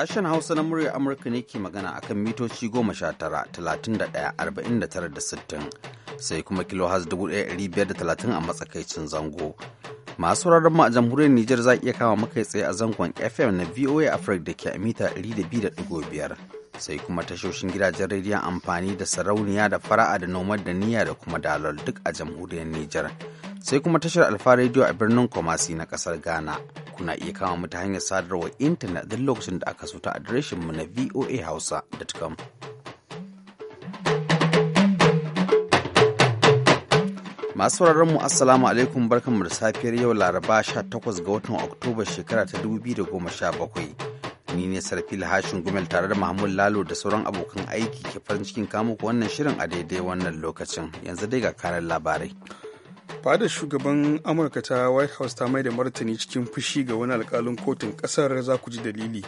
Sashen Hausa na murya Amurka ne ke magana akan mitoci goma sha tara, talatin da ɗaya, sai kuma kilo dubu ɗaya ɗari a matsakaicin zango. Masu sauraron ma a jamhuriyar Nijar za iya kama maka tsaye a zangon FM na VOA Africa da ke a mita ɗari da Sai kuma tashoshin gidajen rediyon amfani da sarauniya da fara'a da nomad da niyya da kuma dalol duk a jamhuriyar Nijar. sai kuma tashar alfa radio a birnin Kumasi na kasar Ghana. Kuna iya kama mu ta hanyar sadarwar intanet duk lokacin da aka so ta adireshin mu na voahausa.com. Masu sauraron mu Assalamu alaikum barkan mu da safiyar yau Laraba 18 ga watan Oktoba shekara ta 2017. ni ne sarfil hashin gumel tare da mahmud lalo da sauran abokan aiki ke farin cikin kamuku wannan shirin a daidai wannan lokacin yanzu dai ga kanan labarai ba da shugaban amurka ta white house ta mai da martani cikin fushi ga wani alkalin kotun kasar za ku ji dalili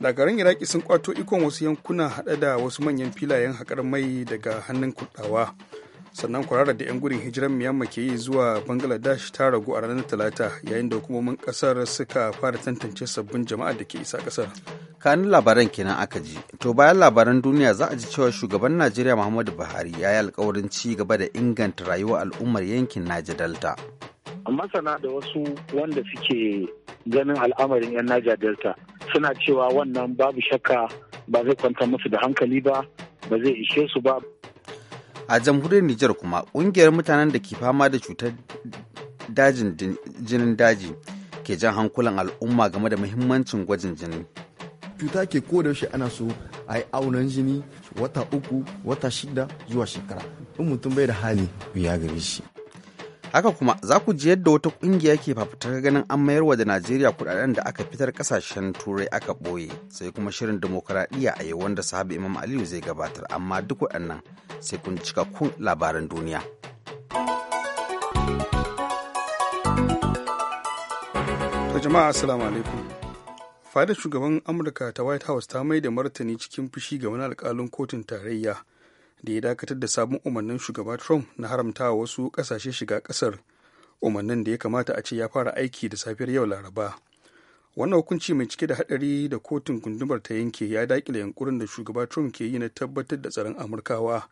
dakarun iraki sun kwato ikon wasu yankuna hada da wasu manyan filayen haƙar mai daga hannun kurdawa sannan kwararra da 'yan gudun hijiran miyamma ke yi zuwa bangladesh ta ragu a ranar talata yayin da hukumomin kasar suka fara tantance sabbin jama'a da ke isa kasar kanin labaran kenan aka ji to bayan labaran duniya za a ji cewa shugaban najeriya muhammadu buhari ya yi alkawarin ci gaba da inganta rayuwar al'ummar yankin naja delta masana da wasu wanda suke ganin al'amarin 'yan naja delta suna cewa wannan babu shakka ba zai kwanta musu da hankali ba ba zai ishe su ba a jamhuriyar Nijar kuma ƙungiyar mutanen da ke fama da cutar dajin jinin daji ke jan hankulan al'umma game da muhimmancin gwajin jini. Cuta ke ko yaushe ana so a yi aunan jini wata uku wata shida zuwa shekara. In mutum bai da hali ya gare shi. haka kuma za ku ji yadda wata kungiya ke fafutar ganin an mayar wa da najeriya kudaden da aka fitar kasashen turai aka ɓoye sai kuma shirin demokuraɗiyya a yau wanda sahabi imam aliyu zai gabatar amma duk waɗannan sai kun cika kun labaran duniya jama'a assalamu alaikum fadar shugaban amurka ta white house ta mai da martani cikin fushi ga wani alƙalin kotun tarayya da ya dakatar da sabon umarnin shugaba trump na haramtawa wasu kasashe shiga kasar umarnin da ya kamata a ce ya fara aiki da safiyar yau laraba wannan hukunci mai cike da hadari da kotun gundumar ta yanke ya dakile yankurin da shugaba trump ke yi na tabbatar da tsaron amurkawa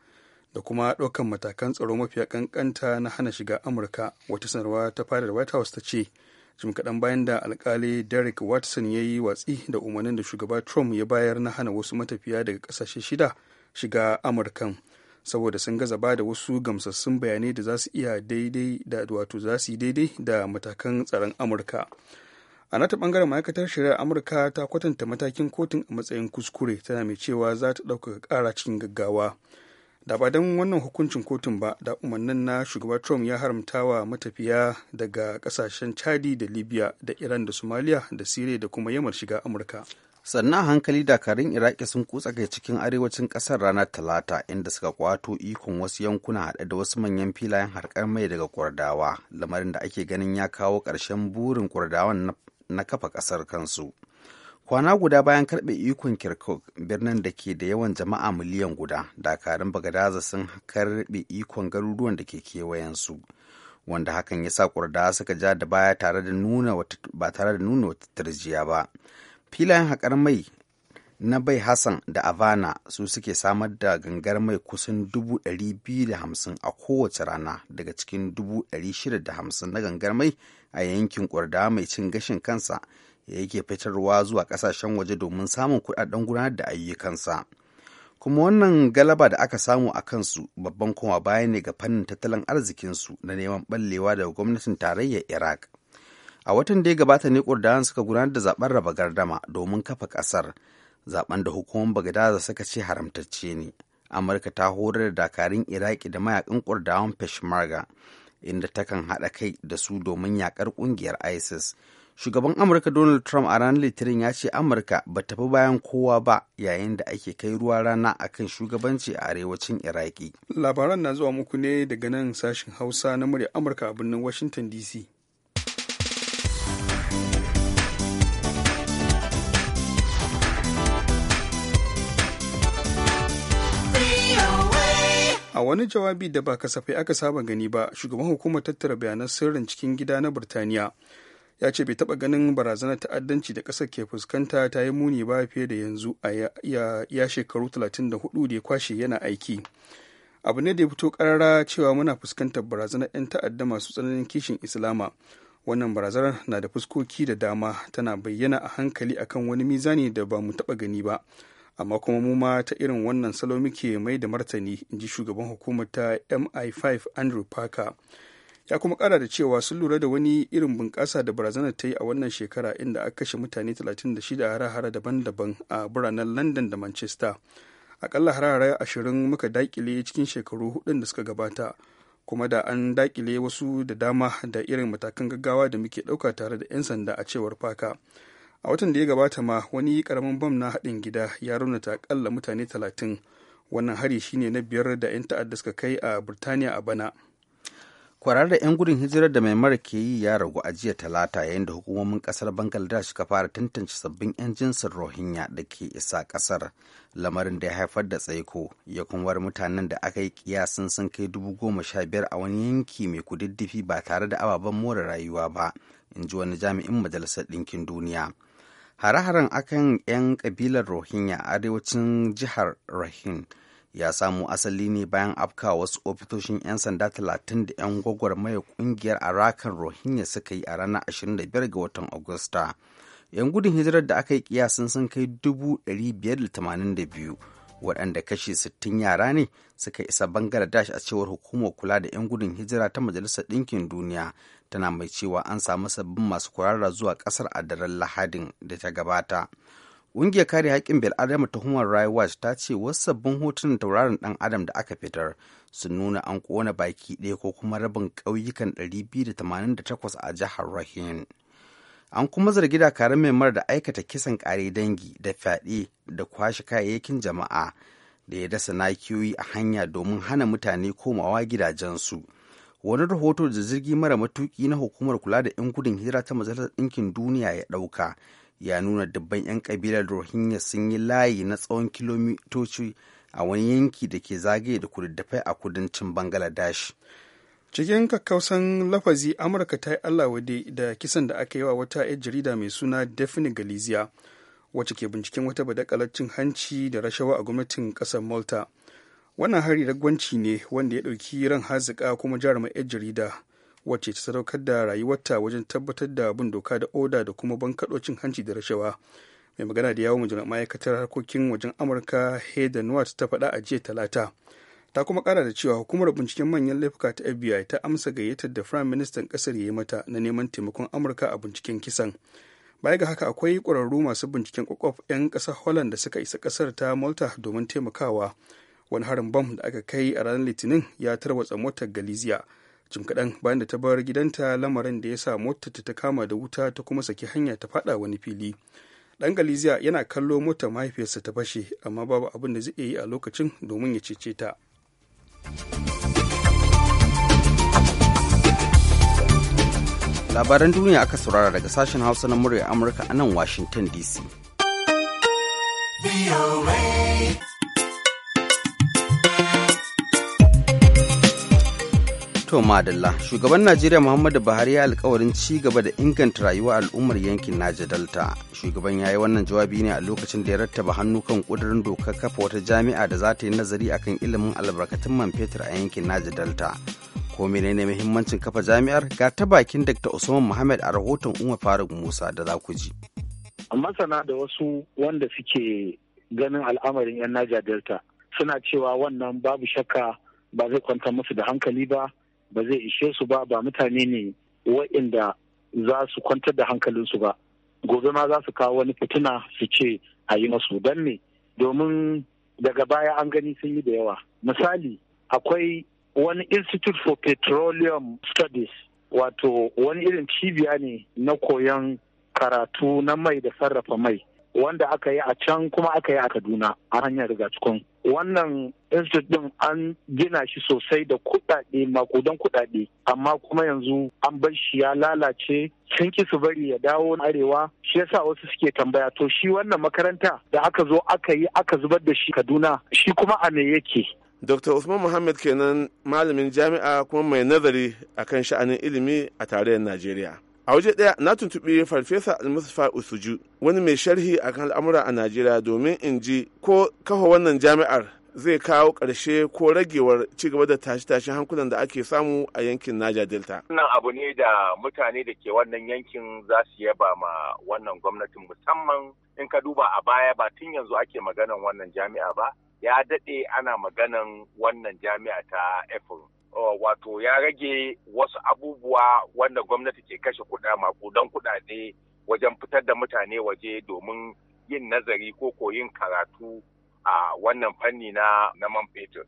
da kuma ɗaukan matakan tsaro mafiya kankanta na hana shiga amurka wata sanarwa ta fadar white house ta ce jim kaɗan bayan da alkali derek watson ya yi watsi da umarnin da shugaba trump ya bayar na hana wasu matafiya daga ƙasashe shida shiga amurkan saboda sun gaza ba da wasu gamsassun bayanai da za su iya daidai da wato za su yi daidai da matakan tsaron amurka a nata bangaren ma'aikatar shari'ar amurka ta kwatanta matakin kotun a matsayin kuskure tana mai cewa za ta ɗaukaka ƙara cikin gaggawa da ba don wannan hukuncin kotun ba da umarnin na shugaba trump ya haramtawa matafiya daga kasashen chadi da libya da iran da somalia da syria da kuma yamar shiga amurka sannan hankali dakarun iraki sun kutsa kai cikin arewacin kasar ranar talata inda suka kwato ikon wasu yankuna haɗe da wasu manyan filayen harkar mai daga kurdawa lamarin da ake ganin ya kawo ƙarshen burin kurdawan na kafa ƙasar kansu kwana guda bayan karɓe ikon kirkuk birnin da ke da yawan jama'a miliyan guda dakarun bagadaza sun karɓe ikon garuruwan da ke kewayensu wanda hakan ya sa kurdawa suka ja da baya tare da nuna ba tare da nuna wata tarjiya ba filayen haƙar mai na bai hassan da avana su suke samar da gangar mai kusan 250 a kowace rana daga cikin 650 na gangar mai a yankin kwarda mai cin gashin kansa ya yake fitarwa zuwa kasashen waje domin samun kudaden gudanar da ayyukansa kuma wannan galaba da aka samu a kansu babban koma baya ne ga fannin tattalin arzikinsu na neman ɓallewa daga gwamnatin tarayyar iraq a watan da ya gabata ne kurdawan suka gudanar da zaben raba gardama domin kafa kasar zaben da hukumar bagdaza suka ce haramtacce ne amurka ta horar da dakarun iraki da mayakan kurdawan peshmerga inda takan haɗa kai da su domin yakar ƙungiyar isis shugaban amurka donald trump a ranar litinin ya ce amurka ba tafi bayan kowa ba yayin da ake kai ruwa rana a kan shugabanci a arewacin iraki labaran na zuwa muku ne daga nan sashen hausa na murya amurka a birnin washington dc a wani jawabi da ba kasafai aka saba gani ba shugaban hukumar tattara bayanan sirrin cikin gida na birtaniya ya ce bai taɓa ganin barazanar ta'addanci da ƙasar ke fuskanta ta yi muni ba fiye da yanzu a ya shekaru 34 da ya kwashe yana aiki abu ne da ya fito ƙarara cewa muna fuskantar barazanar 'yan ta'adda masu tsananin kishin islama wannan barazanar na da fuskoki da dama tana bayyana a hankali akan wani mizani da ba mu taba gani ba amma kuma mu ma ta irin wannan salo muke mai da martani in ji shugaban hukumar ta mi5 andrew parker ya kuma kara da cewa sun lura da wani irin bunƙasa da barazanar ta yi a wannan shekara inda aka kashe mutane 36 a hare daban-daban a biranen london da manchester akalla hare-hare ashirin muka dakile cikin shekaru hudun da suka gabata kuma da an dakile wasu da dama da irin matakan gaggawa da muke ɗauka tare da 'yan sanda a cewar parker. a watan da ya gabata ma wani karamin bam na haɗin gida ya raunata akalla mutane talatin wannan hari shine na biyar da 'yan ta'adda suka kai a burtaniya a bana kwarar da 'yan gudun hijirar da mai mara ke yi ya ragu a jiya talata yayin da hukumomin kasar bangladesh suka fara tantance sabbin 'yan jinsin rohingya da ke isa kasar lamarin da ya haifar da tsaiko ya kumwar mutanen da aka yi kiyasin sun kai dubu goma sha biyar a wani yanki mai kududdufi ba tare da ababen more rayuwa ba in ji wani jami'in majalisar ɗinkin duniya Hare-haren akan 'yan kabilar Rohingya a arewacin jihar rohin ya samo asali ne bayan afka wasu ofitoshin 'yan sanda talatin da 'yan gwagwarmaya kungiyar arakan rohingya suka yi a ranar 25 ga watan agusta yan gudun hijirar da aka yi kiyasin sun kai 582 waɗanda kashi 60 yara ne suka isa bangaladesh a cewar hukumar kula da 'yan gudun hijira ta majalisar ɗinkin duniya tana mai cewa an samu sabbin masu kurara zuwa kasar a daren lahadin da ta gabata ƙungiyar kare haƙƙin bil'adama ta human rights watch ta ce wasu sabbin hotunan tauraron ɗan adam da aka fitar sun nuna an ƙona baki ɗaya ko kuma rabin ƙauyukan ɗari biyu da takwas a jihar rahin an kuma zargi dakarun mara da aikata kisan ƙare dangi da fyaɗe da kwashe kayayyakin jama'a da ya dasa nakiyoyi a hanya domin hana mutane komawa gidajensu. wani rahoto da zirgi mara matuki na hukumar kula da 'yan gudun hijira ta majalisar ɗinkin duniya ya ɗauka ya nuna dubban 'yan kabilar rohingya sun yi layi na tsawon kilomitoci a wani yanki da ke zagaye da kududdafai a kudancin bangladesh cikin kakkausan lafazi amurka ta yi allah wade da kisan da aka yi wa wata 'yan jarida mai suna daphne galizia wacce ke binciken wata badakalar cin hanci da rashawa a gwamnatin kasar malta wannan hari ragwanci ne wanda ya ɗauki ran hazika kuma jarumar 'yar jarida wacce ta sadaukar da rayuwarta wajen tabbatar da bin doka da oda da kuma bankaɗo cin hanci da rashawa mai magana da yawon majalar ma'aikatar harkokin wajen amurka heather nuwa ta faɗa a jiya talata ta kuma ƙara da cewa hukumar binciken manyan laifuka ta fbi ta amsa gayyatar da firayim ministan ƙasar ya yi mata na neman taimakon amurka a binciken kisan baya ga haka akwai ƙwararru masu binciken kwakwaf 'yan ƙasar holland da suka isa kasar ta malta domin taimakawa wani harin bam da aka kai a ranar litinin ya tarwatsa motar galizia jim kaɗan bayan da ta bar gidanta lamarin da ya sa motar ta kama da wuta ta kuma saki hanya ta faɗa wani fili ɗan galizia yana kallo mota mahaifiyarsa ta fashe amma babu abin da zai iya yi a lokacin domin ya cece ta labaran duniya aka saurara daga sashen hausa na murya amurka a nan washington dc To madalla, shugaban Najeriya Muhammadu Buhari ya alkawarin ci gaba da inganta rayuwa al'ummar yankin Niger Delta. Shugaban ya yi wannan jawabi ne a lokacin da ya rattaba hannu kan kudurin dokar kafa wata jami'a da za ta yi nazari a kan ilimin albarkatun man fetur a yankin Niger Delta. Ko menene muhimmancin kafa jami'ar? Ga ta bakin Dr. Usman Muhammad a rahoton Umar Faruk Musa da za ku ji. Masana da wasu wanda suke ganin al'amarin 'yan Niger Delta suna cewa wannan babu shakka ba zai kwanta musu da hankali ba ba zai ishe su ba ba mutane ne waɗanda za su kwantar da hankalinsu ba gobe ma za su kawo wani fitina su ce a yi masu don ne domin daga baya an gani sun yi da yawa misali akwai wani institute for petroleum studies wato wani irin cibiya ne na koyon karatu na mai da sarrafa mai wanda aka yi a can kuma aka yi a kaduna a hanyar rigacikun wannan institute din an gina shi sosai da kuɗaɗe makudan kuɗaɗe. amma kuma yanzu an bar shi ya lalace sun ki su bari ya dawo na arewa shi yasa wasu suke tambaya to shi wannan makaranta da aka zo aka yi aka zubar da shi kaduna shi kuma a me yake Dr. Usman Muhammad kenan malamin jami'a kuma mai nazari akan sha'anin ilimi a tarayyar Najeriya. a waje ɗaya na tuntuɓi farfesa almusfa usuju wani mai sharhi a kan al'amura a najeriya domin in ji ko kafa wannan jami'ar zai kawo ƙarshe ko ragewar cigaba da tashe-tashen hankulan da ake samu a yankin Naja Delta. Wannan abu ne da mutane da ke wannan yankin za su yaba ma wannan gwamnatin musamman in ka duba a baya ba tun yanzu ake maganan wannan jami'a ba ya daɗe ana maganan wannan jami'a ta Efron. Uh, wato ya rage wasu abubuwa wanda gwamnati ke kashe kuɗa makudan kuɗaɗe wajen fitar da mutane waje domin yin nazari ko koyin karatu a wannan fanni na na man fetur.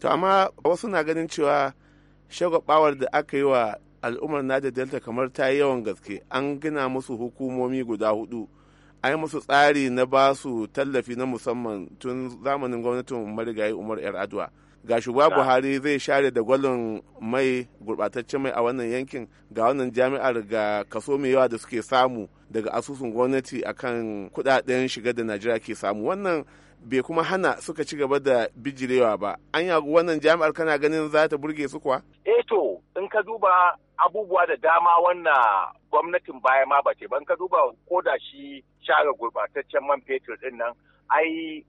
To amma wasu na ganin cewa shagwabawar da aka yi wa al'ummar Niger Delta kamar ta yi yawan gaske an gina musu hukumomi guda hudu an yi musu tsari na basu tallafi na musamman tun zamanin gwamnatin marigayi Umar 'yar Adwa. ga shugaba buhari zai share da gwalin mai gurbataccen mai a wannan yankin ga wannan jami'ar ga kaso mai yawa da suke samu daga asusun gwamnati akan kudaden shiga da najeriya ke samu wannan bai kuma hana suka ci gaba da bijirewa ba an yi wannan jami'ar kana ganin za ta burge su kuwa eh to in ka duba abubuwa da dama wannan gwamnatin baya ma ba ce ban ka duba ko da shi share gurbataccen man fetur din nan ai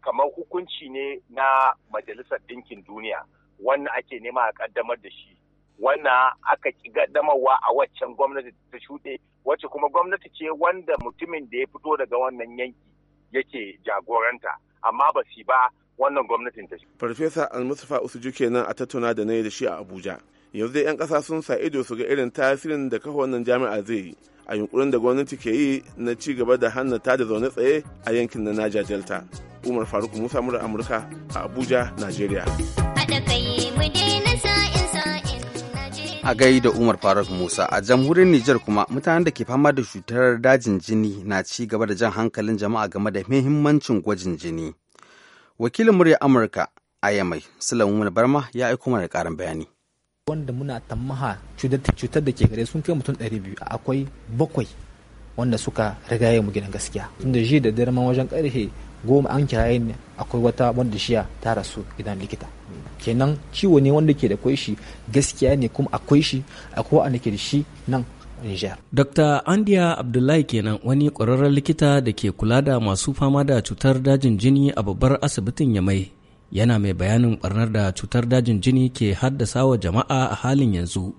kamar hukunci ne na majalisar ɗinkin duniya wannan ake nema a kaddamar da shi wannan aka ki gaddamarwa a waccan gwamnati ta shuɗe wacce kuma gwamnati ce wanda mutumin da ya fito daga wannan yanki yake jagoranta amma ba su ba wannan gwamnatin ta shi. Farfesa Almustapha Usuju kenan a tattauna da na da shi a Abuja. yanzu dai 'yan ƙasa sun sa ido su ga irin tasirin da kafa wannan jami'a zai yi a yunkurin da gwamnati ke yi na ci gaba da ta da zaune tsaye a yankin na naja Delta. Umar Faruk Musa mura Amurka a Abuja, nigeria A gai da Umar Faruk Musa a jamhuriyar niger kuma mutanen da ke fama da cutar dajin jini na ci gaba da jan hankalin jama'a game da muhimmancin gwajin jini. Wakilin murya Amurka a Yamai, Sulaiman Barma ya aiko mana da karin bayani. wanda muna tammaha cutar da ke gare sun kai mutum 200 akwai bakwai wanda suka rigaye mu gidan gaskiya tunda shi da dare wajen karfe goma an kiraye ne akwai wata wanda shiya ta rasu gidan likita kenan ciwo ne wanda ke da kwai shi gaskiya ne kuma akwai shi akwai wanda ke da shi nan Niger. Dr. Andiya Abdullahi kenan wani ƙwararren likita da ke kula da masu fama da cutar dajin jini a babbar asibitin Yamai. yana mai bayanin barnar da cutar dajin jini ke haddasa wa jama'a a halin yanzu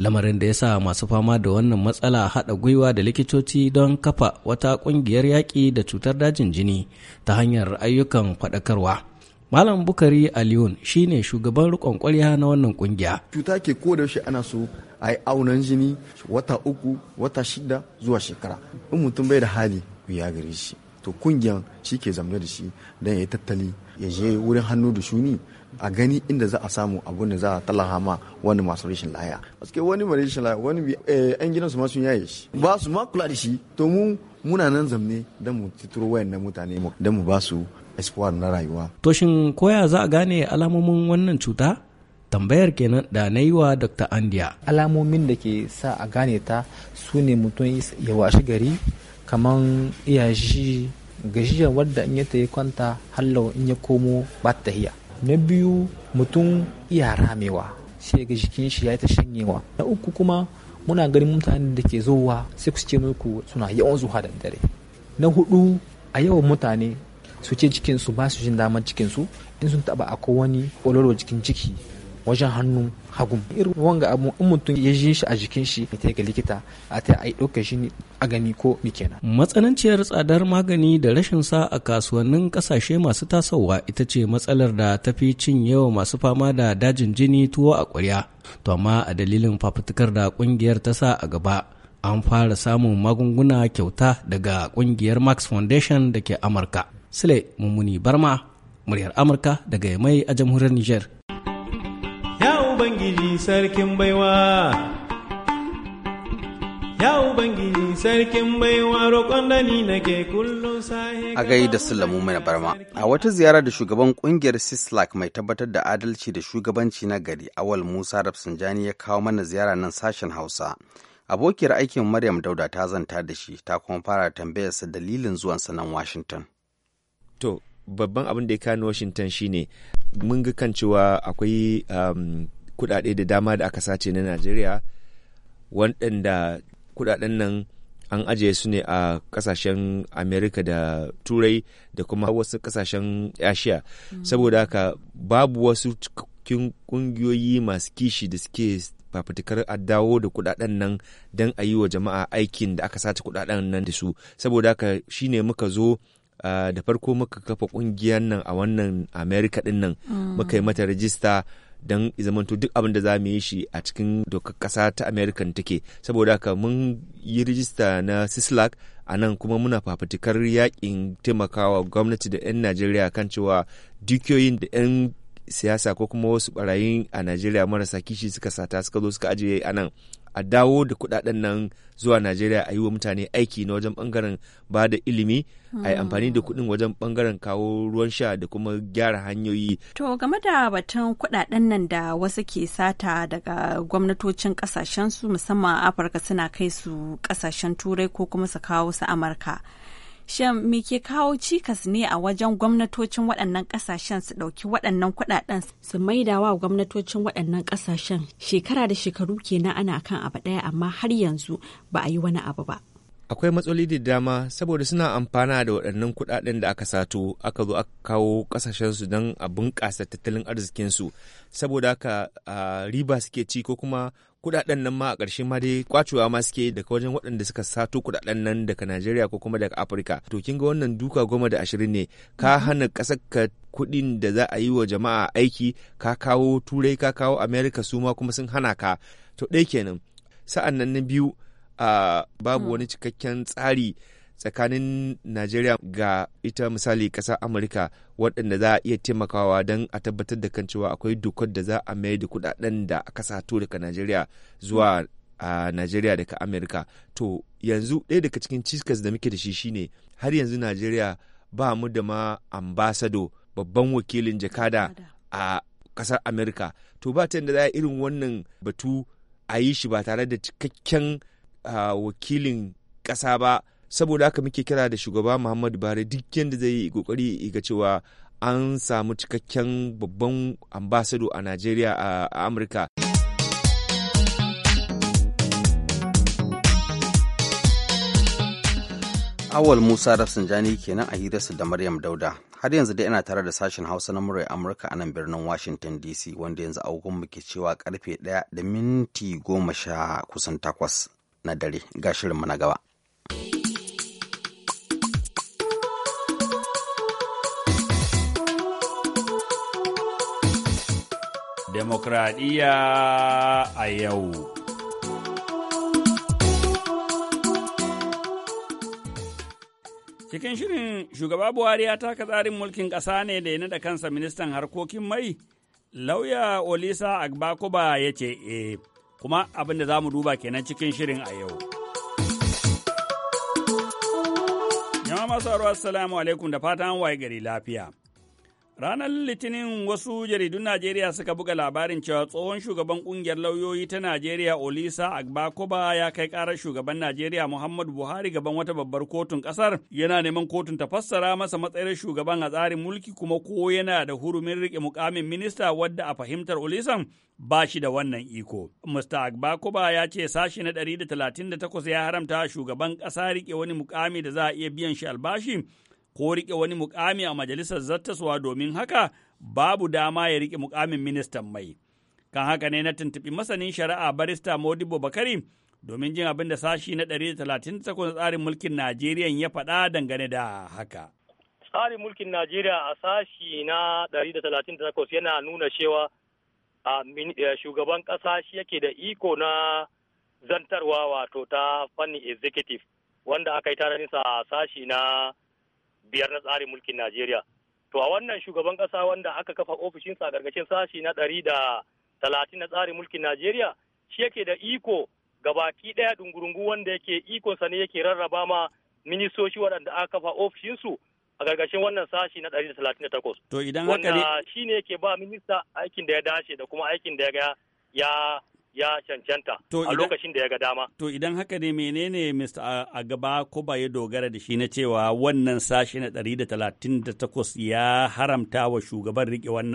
lamarin da ya sa masu fama da wannan matsala haɗa gwiwa da likitoci don kafa wata ƙungiyar yaƙi da cutar dajin jini ta hanyar ayyukan faɗakarwa malam bukari a aliyun shine shugaban riƙon ƙwarya na wannan ƙungiya cuta ke ko da ana so a yi aunan jini wata uku wata shida zuwa shekara in mutum bai da hali ya gare shi to kungiyan shi ke zamne da shi don ya yi tattali ya je wurin hannu da shuni a gani inda za a samu abun da za a talaha ma wani masu rashin laya paske wani mai rashin laya wani bi yan eh, su ma sun yaye shi ba su ma kula da shi to mu muna nan zamne don mu tituro na mutane don mu ba su espoir na rayuwa to shin koya za a gane alamomin wannan cuta tambayar kenan da na yi wa dr andiya alamomin da ke sa a gane ta su ne mutum ya washe gari kamar iyashi gajiya wadda in ya ta kwanta hallau in ya komo ba na biyu mutum iya ramewa sai ga jikin shi ya ta shanyewa na uku kuma muna ganin mutane da ke zowa sai ku ce muku suna yawan zuwa da dare na hudu a yawan mutane su ce cikinsu ba su jin damar cikinsu in sun taba akwai wani ƙwararwa cikin ciki wajen hannu hagun irin wanga abu in mutum ya ji shi a jikin shi ya ga likita a ta ai ɗauka shi a gani ko mi kenan matsananciyar tsadar magani da rashin sa a kasuwannin kasashe masu tasowa ita ce matsalar da ta fi cin yawa masu fama da dajin jini tuwo a ƙwarya to amma a dalilin fafutukar da ƙungiyar ta sa a gaba an fara samun magunguna kyauta daga ƙungiyar max foundation da ke amurka sule mummuni barma muryar amurka daga mai a jamhuriyar niger Ubangiji sarkin baiwa Ya Ubangiji sarkin baiwa roƙon da ni nake kullum sahi A gai da Sulamu mai barma a wata ziyara da shugaban kungiyar Sislak mai tabbatar da adalci da shugabanci na gari Awal Musa Rafsanjani ya kawo mana ziyara nan sashen Hausa Abokiyar aikin Maryam Dauda ta zanta da shi ta kuma fara tambayarsa dalilin zuwansa nan Washington To babban abin da ya kawo Washington shine mun ga kan cewa akwai um, kuɗaɗe da dama da aka sace na najeriya waɗanda kuɗaɗen nan an ajiye su ne a kasashen amerika da turai da kuma wasu kasashen Asia. Mm. saboda haka babu wasu cikin kungiyoyi masu kishi da suke fafutukar a dawo da kudaden nan don a yi wa jama'a aikin da aka sace kudaden nan da su saboda haka shine muka zo da farko muka kafa kungiyar nan a wannan amerika din nan mm. muka yi mata rajista don zamanto duk abin da za mu yi shi a cikin dokar ƙasa ta american take saboda haka mun yi rijista na sislak a nan kuma muna fafutukar yaƙin taimakawa gwamnati da 'yan najeriya kan cewa dukiyoyin da 'yan siyasa ko kuma wasu barayin a najeriya marasa kishi suka sata suka zo suka ajiye a nan a dawo da kudaden nan zuwa najeriya a yi wa mutane aiki na wajen bangaren ba da ilimi a yi amfani da kuɗin wajen bangaren kawo ruwan sha da kuma gyara hanyoyi to game da batun kudaden nan da wasu ke sata daga gwamnatocin ƙasashensu musamman afirka suna kai su kasashen turai ko kuma su kawo su amurka shan me ke kawo cikas ne a wajen gwamnatocin waɗannan ƙasashen su ɗauki waɗannan kuɗaɗen su maida wa gwamnatocin waɗannan ƙasashen shekara da shekaru kenan ana kan abu ɗaya amma har yanzu ba a yi wani abu ba. akwai matsaloli da dama saboda suna amfana da waɗannan kuɗaɗen da aka sato aka zo aka kawo ƙasashensu don a bunƙasa tattalin arzikin su saboda haka ah, riba suke ci ko kuma kudaden nan ma a ƙarshe ma dai kwacewa ma suke daga wajen waɗanda suka sato kudaden nan daga Najeriya ko kuma daga Afirka to kin ga wannan duka goma da ashirin ne ka mhm. hana ƙasar ka kuɗin da za a yi wa jama'a aiki ka kawo turai ka kawo Amerika su ma kuma sun hana ka to ɗaya kenan sa'an nan na biyu babu hmm. wani cikakken tsari tsakanin najeriya ga ita misali ƙasar amurka waɗanda za a iya taimakawa don a tabbatar da kan cewa akwai dokar da za a mai da kuɗaɗen da aka sato daga najeriya zuwa a najeriya daga amurka to yanzu ɗaya daga cikin cikas da muke da shi shine har yanzu najeriya ba mu da ma ambasado babban wakilin jakada a ƙasar amurka to ba ta yadda za a irin wannan batu a yi shi ba tare da cikakken wakilin ƙasa ba saboda haka muke kira da shugaba muhammadu buhari duk yadda zai yi kokari ga cewa an samu cikakken babban ambasado a najeriya a amurka awal musa rafsanjani kenan a hirarsu da maryam dauda har yanzu dai ana tare da sashen hausa na murai amurka a nan birnin washington dc wanda yanzu agogon ke cewa karfe 1 da minti goma sha kusan takwas na dare ga shirinmu na gaba demokradiyya a yau. Cikin shirin shugaba Buhari ya taka tsarin mulkin ƙasa ne da ya da kansa ministan harkokin mai, lauya Olisa Agbakuba ya ce, "E, kuma abin da za mu duba kenan cikin shirin a yau. Yama masu assalamu alaikum da fatan waye gari lafiya. Ranar Litinin wasu jaridun Najeriya suka buga labarin cewa tsohon shugaban kungiyar lauyoyi ta Najeriya Olisa Agbakoba ya kai karar shugaban Najeriya Muhammadu Buhari gaban wata babbar kotun kasar yana neman kotun ta fassara masa matsayin shugaban a tsarin mulki kuma ko yana da hurumin riƙe mukamin minista wadda a fahimtar Olisan ba shi da wannan iko. Mr. Agbakoba ya ce sashi na ɗari da da talatin takwas ya haramta shugaban ƙasa riƙe wani mukami da za a iya biyan shi albashi ko rike wani mukami a majalisar zartaswa domin haka babu dama ya rike mukamin ministan mai. Kan haka ne na tuntuɓi masanin shari'a barista Modibo Bakari domin jin abin da sashi na 138 tsarin mulkin Najeriya ya faɗa dangane da haka. Tsarin mulkin Najeriya a sashi na 138 yana nuna cewa a eh, shugaban ƙasa shi yake da iko na zantarwa wato ta fannin executive wanda aka yi tararinsa a sashi na biyar na tsarin mulkin Najeriya. To a wannan shugaban ƙasa wanda aka kafa ofishinsa a gargashin sashi na ɗari da talatin na tsarin mulkin Najeriya shi yake da iko gabaki ɗaya ɗungurungu wanda yake ikonsa ne yake rarraba ma ministoci waɗanda aka kafa ofishinsu a gargashin wannan sashi na takwas. To idan haka ne shi ne yake ba minista aikin da ya dace da kuma aikin da ya ga ya ya cancanta a lokacin da ya ga dama. To idan haka ne menene Mr. Agaba ko ba ya dogara da shi na cewa wannan sashi na 138 ya haramta wa shugaban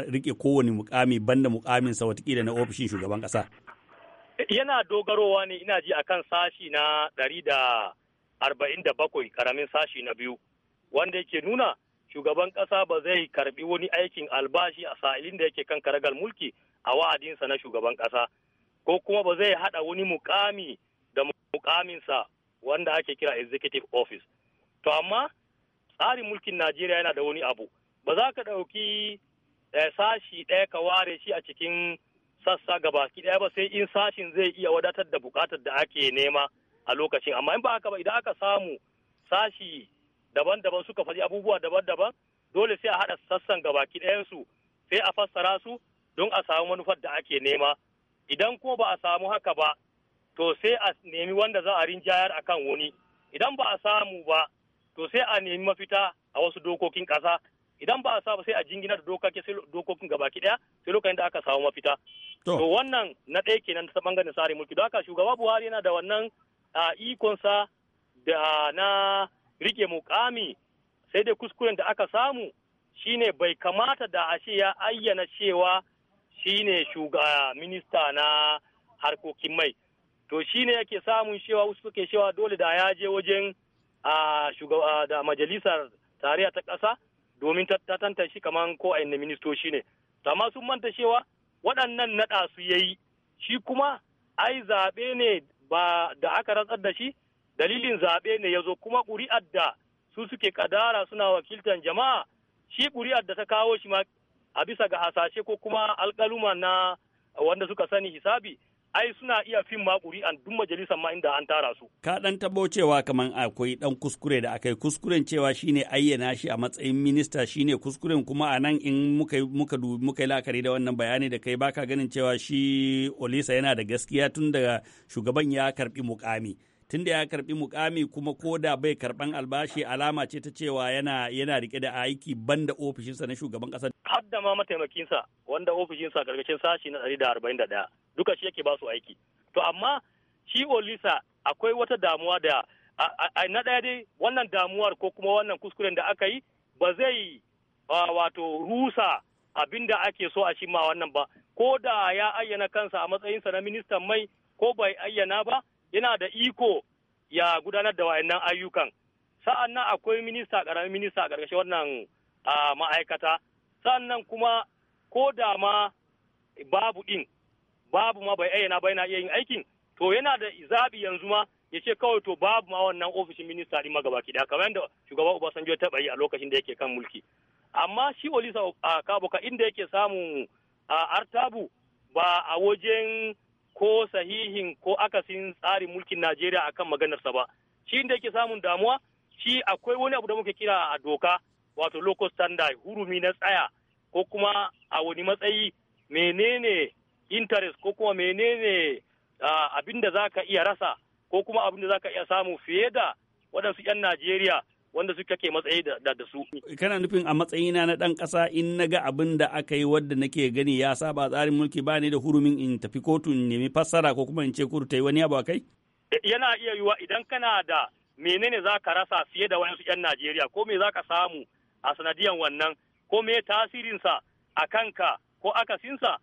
rike kowane mukami banda mukaminsa watakila na ofishin shugaban kasa. Yana dogarowa ne ina ji akan sashi na 147 karamin sashi na biyu wanda yake nuna shugaban kasa ba zai karbi wani aikin albashi a sa'ilin da yake kan karagar mulki a wa'adinsa na shugaban kasa. ko kuma ba zai haɗa wani mukami da mukaminsa wanda ake kira executive office to amma tsarin mulkin najeriya yana da wani abu ba za ka ɗauki eh, sashi ɗaya ka ware shi a cikin sassa gabaki ɗaya ba sai in sashin zai iya wadatar da bukatar da ake nema a lokacin amma in ba haka ba idan aka samu sashi daban-daban suka faɗi abubuwa daban-daban dole sai a haɗa sassan gabaki ɗayansu sai a fassara su don a samu manufar da ake nema idan kuma ba a samu haka ba to sai a nemi wanda za a rinjayar akan wani idan ba a samu ba to sai a nemi mafita a wasu dokokin kasa idan ba a samu sai a jingina da dokokin gabaki ɗaya sai lokacin da aka samu mafita to wannan na ɗaya kenan ta bangaren tsarin mulki don haka shugaba buhari yana da wannan ikonsa da na rike mukami sai dai kuskuren da aka samu shine bai kamata da ashe ya ayyana cewa shine shuga minista na harkokin mai to shine yake samun cewa wasu suke cewa dole da ya je wajen da majalisar tarayya ta ƙasa domin ta tantance kamar ko a ainihin ministoci ne amma sun manta cewa waɗannan naɗa su yayi shi kuma ai zaɓe ne ba da aka rantsar da shi dalilin zaɓe ne ya zo kuma ƙuri'ar da su suke kadara suna wakiltar jama'a shi ƙuri'ar da ta kawo shi ma a bisa ga hasashe ko kuma alkaluma na wanda suka sani hisabi ai suna iya fin makuri a duk majalisar ma inda an tara su. Ka dan tabo cewa kaman akwai ɗan kuskure da akai kuskuren cewa shine ayyana shi a matsayin minista shine kuskuren kuma a nan in muka muka muka la'akari da wannan bayani da kai baka ganin cewa shi Olisa yana da gaskiya tun daga shugaban ya karbi mukami. tunda ya karbi mukami kuma ko da bai karban albashi alama ce ta cewa yana yana rike da aiki banda ofishinsa na shugaban kasa har da ma mataimakinsa wanda ofishinsa karkashin sashi na 141 duka shi yake ba su aiki to amma shi olisa akwai wata damuwa da na ɗaya dai wannan damuwar ko kuma wannan kuskuren da aka yi ba zai wato rusa abin da ake so a shima wannan ba ko da ya ayyana kansa a matsayinsa na ministan mai ko bai ayyana ba yana da iko ya gudanar da wayannan ayyukan sa'an nan akwai minista ƙaramin minista a ƙarƙashin wannan ma'aikata sa'an nan kuma ko da ma babu ɗin babu ma bai ayyana ba yana iya yin aikin to yana da zaɓi yanzu ma ya ce kawai to babu ma wannan ofishin minista ɗin magabaki da kamar yadda shugaban Obasanjo taɓa yi a lokacin da yake kan mulki amma shi Olisa Kaboka inda yake samun artabu ba a wajen ko sahihin ko akasin tsarin mulkin Najeriya a kan maganarsa ba. Shi da yake samun damuwa shi akwai wani abu da muke kira a doka wato local standard hurumi na tsaya ko kuma a wani matsayi menene interest ko kuma menene abin da za ka iya rasa ko kuma abin da za ka iya samu fiye da waɗansu 'yan Najeriya wanda suka ke matsayi da, da, su. Kana nufin a matsayina na ɗan ƙasa in na ga abin da aka yi wadda nake gani ya saba tsarin mulki ba ne da hurumin in tafi kotu in nemi fassara ko kuma in ce kuru ta wani abu a kai? Eh, yana iya yiwa idan kana da menene za ka rasa fiye da wayansu 'yan Najeriya ko me za ka samu a sanadiyan wannan ko me tasirinsa a kanka ko akasinsa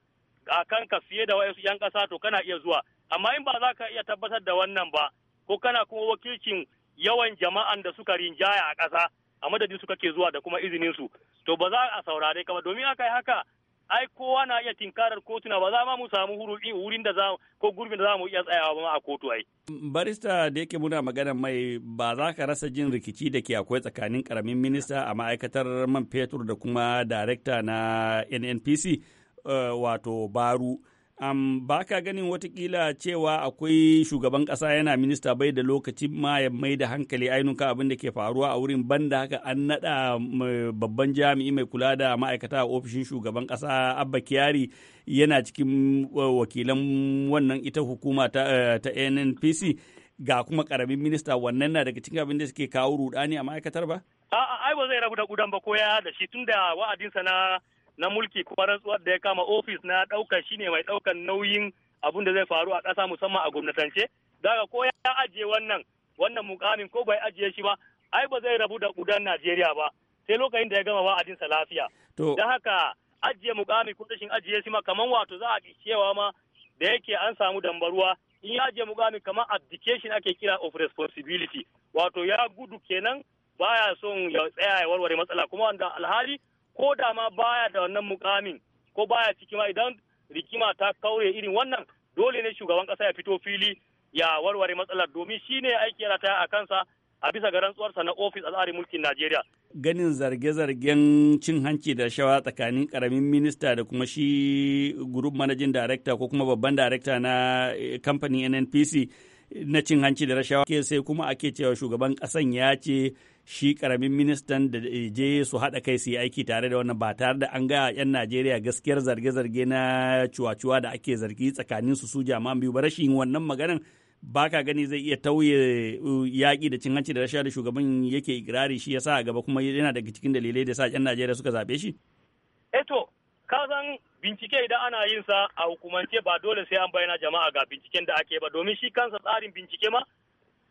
a kanka fiye da wayansu 'yan ƙasa to kana iya zuwa amma in ba za ka iya tabbatar da wannan ba ko kana kuma wakilcin yawan jama'an da suka rinjaya a ƙasa a madadin su kake zuwa da kuma izinin su to ba za a saurare ka ba domin aka yi haka ai kowa na iya tinkarar kotuna ba za ma mu samu wurin da za ko gurbin da za mu iya tsayawa ba a kotu ai. Barista da yake muna magana mai ba za ka rasa jin rikici da ke akwai tsakanin karamin minista a ma'aikatar man fetur da kuma darekta na NNPC eh, wato Baru. Um, ba ka ganin watakila cewa akwai shugaban ƙasa yana minista bai da lokacin ma ya mai da hankali ainuka abin da ke faruwa a wurin banda haka an naɗa babban jami'i mai kula da ma'aikata a ofishin shugaban kasa abba kyari yana cikin wakilan wannan ita hukuma ta, eh, ta nnpc ga kuma karamin minista wannan na daga cikin abin da suke kawo rudani a ma'aikatar ba? A'a, ai ba zai rabu da gudan ba ko ya da shi tunda wa'adinsa na na mulki kuma rantsuwar da ya kama ofis na ɗaukar shine mai ɗaukan nauyin abin da zai faru a kasa musamman a gwamnatance daga ko ya ajiye wannan wannan mukamin ko bai ajiye shi ba ai ba zai rabu da kudan Najeriya ba sai lokacin da ya gama ba sa lafiya don haka ajiye mukami ko rashin ajiye shi ma kaman wato za a cewa ma da yake an samu dambaruwa in ya ajiye mukami kaman abdication ake kira of responsibility wato ya gudu kenan baya son ya tsaya ya warware matsala kuma wanda alhali ko da ma baya da wannan mukamin ko baya ciki ma idan rikima ta kaure irin wannan dole ne shugaban kasa ya fito fili ya warware matsalar domin shi ne aiki yana ta a kansa a bisa ga rantsuwarsa na ofis al'adar mulkin Najeriya. Ganin zarge-zargen cin hanci da shawa tsakanin karamin minista da kuma shi group managing director ko kuma babban director na eh, kamfanin NNPC na cin hanci da rashawa ke sai kuma ake cewa shugaban kasan ya ce shi karamin ministan da je su haɗa kai su yi aiki tare da wannan ba tare da an gaya 'yan Najeriya gaskiyar zarge-zarge na cuwa-cuwa da ake zargi tsakanin su su jama'an biyu ba rashin wannan maganan ba ka gani zai iya tauye uh, yaƙi da cin hanci da rashin da shugaban yake ikirari shi ya sa a gaba kuma yana daga cikin dalilai da sa 'yan Najeriya suka zaɓe shi? Eto, eh ka san bincike idan ana yin sa a hukumance ba dole sai an bayyana jama'a ga binciken da ake ba domin shi kansa tsarin bincike ma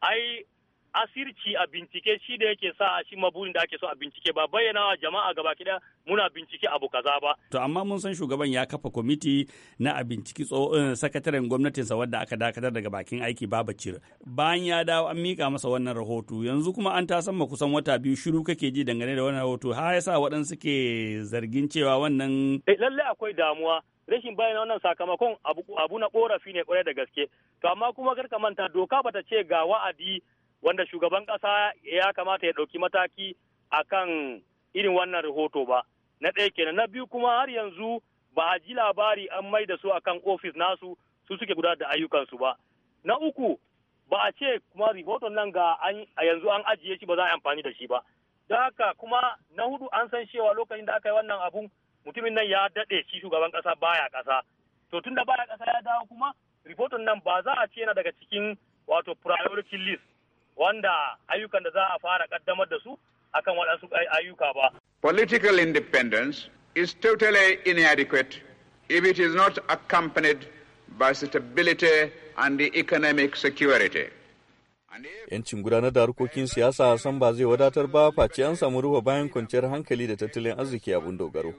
ai asirci a bincike shi da yake sa a shi maburin da ake so a bincike ba bayyana wa jama'a gaba kiɗa muna bincike abu kaza ba. To amma mun san shugaban ya kafa kwamiti na a binciki eh, sakataren gwamnatinsa wadda aka dakatar daga bakin aiki baba cir. Bayan ya dawo an mika masa wannan rahoto yanzu kuma an ta ma kusan wata biyu shiru kake ji dangane da wannan rahoto har ya sa waɗansu ke zargin cewa wannan. Eh, lallai akwai damuwa rashin bayyana wannan sakamakon abu na korafi ne kwarai da gaske. To amma kuma karka manta doka bata ce ga wa'adi wanda shugaban ƙasa ya kamata ya ɗauki mataki akan irin wannan rahoto ba na ɗaya kenan na biyu kuma har yanzu ba a ji labari an mai da su akan ofis nasu su suke gudanar da ayyukansu ba na uku ba a ce kuma rahoton nan ga a yanzu an ajiye shi ba za a amfani da shi ba don haka kuma na hudu an san cewa lokacin da aka yi wannan abun mutumin nan ya daɗe shi shugaban ƙasa baya kasa. to tunda baya kasa ya dawo kuma rahoton nan ba za a ce yana daga cikin wato priority list wanda ayyukan da za a fara kaddamar da su akan waɗansu ayyuka ba. Political independence is totally inadequate if it is not accompanied by stability and the economic security. Yancin gudanar da harkokin siyasa san ba zai wadatar ba face an samu ruwa bayan kwanciyar hankali da tattalin arziki abun dogaro.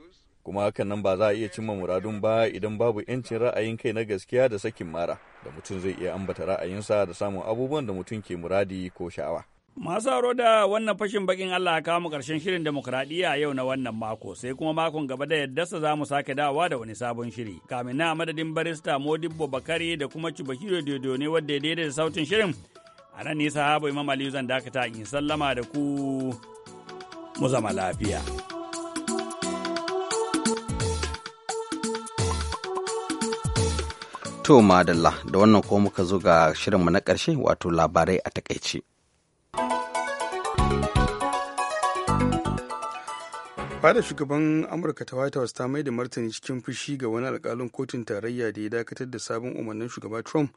kuma hakan nan ba za a iya cimma muradun ba idan babu yancin ra'ayin kai na gaskiya da sakin mara da mutum zai iya ambata ra'ayinsa da samun abubuwan da mutum ke muradi ko sha'awa. Masu haro da wannan fashin bakin Allah ya kawo mu karshen shirin demokradiyya yau na wannan mako sai kuma makon gaba da yaddarsa za mu sake dawa da wani sabon shiri. Kamin na madadin barista Modibbo Bakari da kuma Cibahiro Dodo ne wadda ya da sautin shirin. A nan nisa habu Imam Aliyu zan dakata in sallama da ku mu zama lafiya. To madalla da wannan ko muka zo ga shirinmu na ƙarshe wato labarai a takaice. fada shugaban amurka ta white house ta mai da martani cikin fushi ga wani alkalin kotun tarayya da ya dakatar da sabon umarnin shugaba trump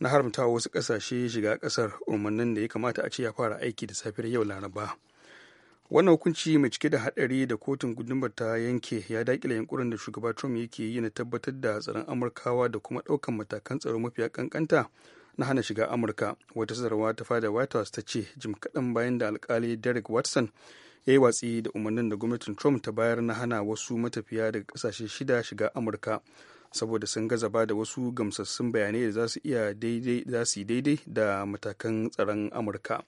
na haramtawa wasu kasashe shiga ƙasar umarnin da ya kamata a ce ya fara aiki da safiyar yau laraba wannan hukunci mai cike da hadari da kotun gudunmar ta yanke ya dakile yankurin da shugaba trump yake yi na tabbatar da tsaron amurkawa da kuma daukan matakan tsaro mafiya kankanta na hana shiga amurka wata sanarwa ta fada white house ta ce jim kaɗan bayan da alkali derek watson ya yi watsi da umarnin da gwamnatin trump ta bayar na hana wasu matafiya daga kasashe shida shiga amurka saboda sun gaza ba da wasu gamsassun bayanai da za su iya daidai da matakan tsaron amurka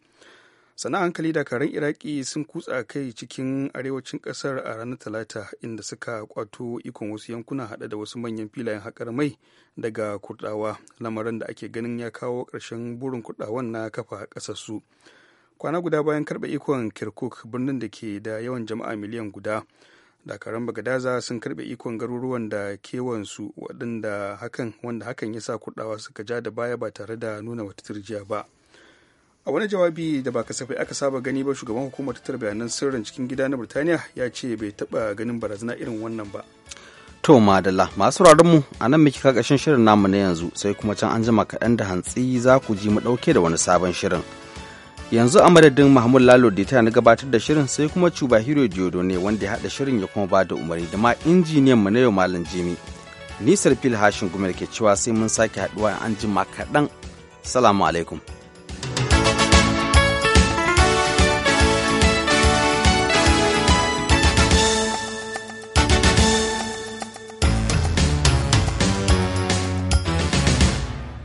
sana hankali dakarun iraki sun kutsa kai cikin arewacin kasar a ranar talata inda suka kwato ikon wasu yankuna hada da wasu manyan filayen haƙar mai daga kurdawa lamarin da ake ganin ya kawo ƙarshen burin kurdawan na kafa ƙasar su kwana guda bayan karɓe ikon kirkuk birnin da ke da yawan jama'a miliyan guda dakaran bagadaza sun karɓe ikon garuruwan da kewansu wadanda wanda hakan ya sa kurdawa suka ja da baya ba tare da nuna wata turjiya ba a wani jawabi da ba kasafai aka saba gani ba shugaban hukumar tattara bayanan sirrin cikin gida na birtaniya ya ce bai taba ganin barazana irin wannan ba to madalla masu mu a nan muke kakashin shirin namu na yanzu sai kuma can an jima kaɗan da hantsi za ku ji mu ɗauke da wani sabon shirin yanzu a madadin mahmud lalo da ta na gabatar da shirin sai kuma cuba hiro diodo ne wanda ya haɗa shirin ya kuma ba da umarni da ma injiniyan mu na yau malam jimi nisar fil hashin gumar ke cewa sai mun sake haɗuwa an jima kaɗan salamu alaikum